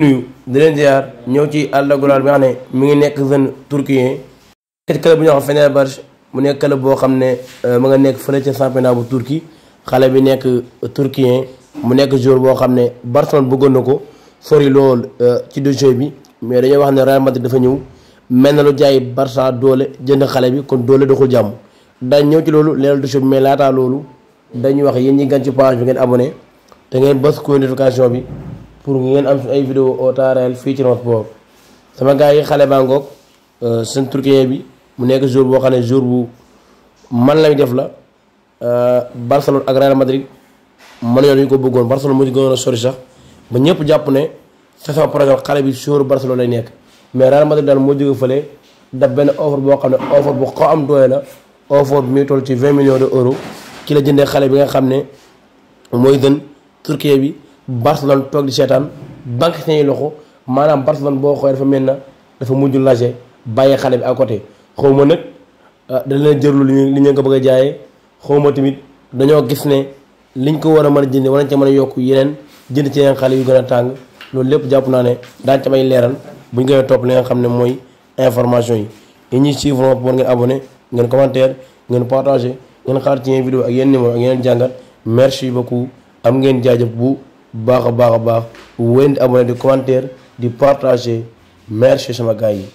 nuyu di leen ziar ñëw ci Arda Güler bi nga ne mi ngi nekk jeune turquien ci club bu ñu wax Fenerbahçe mu nekk club boo xam ne euh, mu nga nekk fële ca championnat bu Turquie xale bi nekk euh, turquien mu nekk joueur boo xam ne Barcelone bëggoon na ko sori lool euh, ci dossier bi mais dañoo wax ne Real Madrid dafa ñëw mel na lu jaay Barça doole jënd xale bi kon doole doxul jàmm dañ ñëw ci loolu leeral dossier bi mais laataa loolu dañuy wax yéen ñi gan ci page bi ngeen abonné te ngeen bës ko notification bi pour ngeen am ay vidéo au temps fii ci notre boor sama gaa yi xale baa ngoog euh, seen turquie bi mu nekk jour boo xam ne jour bu man lañu def la euh, Barcelone ak Real Madrid man yoon ñu ko bëggoon Barcelone moo ci gënoon a sori sax ba ñëpp jàpp ne saison prochaine xale bi jour Barcelone lay nekk mais Real Madrid daal moo jóge fële daf benn offre boo xam ne offre bu ko am doole la offre bi muy toll ci 20 millions de euros ci la jëndee xale bi nga xam ne mooy gën turquie bi. Barcelone toog di seetaan banque seen loxo maanaam Barcelone boo xoolee dafa mel na dafa mujj lâché bàyyi xale bi à côté xaw ma nag ah, da leen jërlu li li ñu ko bëgg a jaayee xaw ma tamit dañoo gis ne liñ ko war a mën a jënd war nañ ca mën a yokk yeneen jënd ci yeneen xale yu a tàng loolu lépp jàpp naa ne daañu ca may leeral bu ñu koy li nga xam ne mooy information yi. yi ñuy suivre ma pour ngeen abonné ngeen commentaire ngeen partagé ngeen xaar ci yeneen vidéo ak yeneen numéro ak yeneen jàngat merci beaucoup am ngeen jaajëf bu. Barre, barre, barre. ou en baax de commentaire partager merci chez gars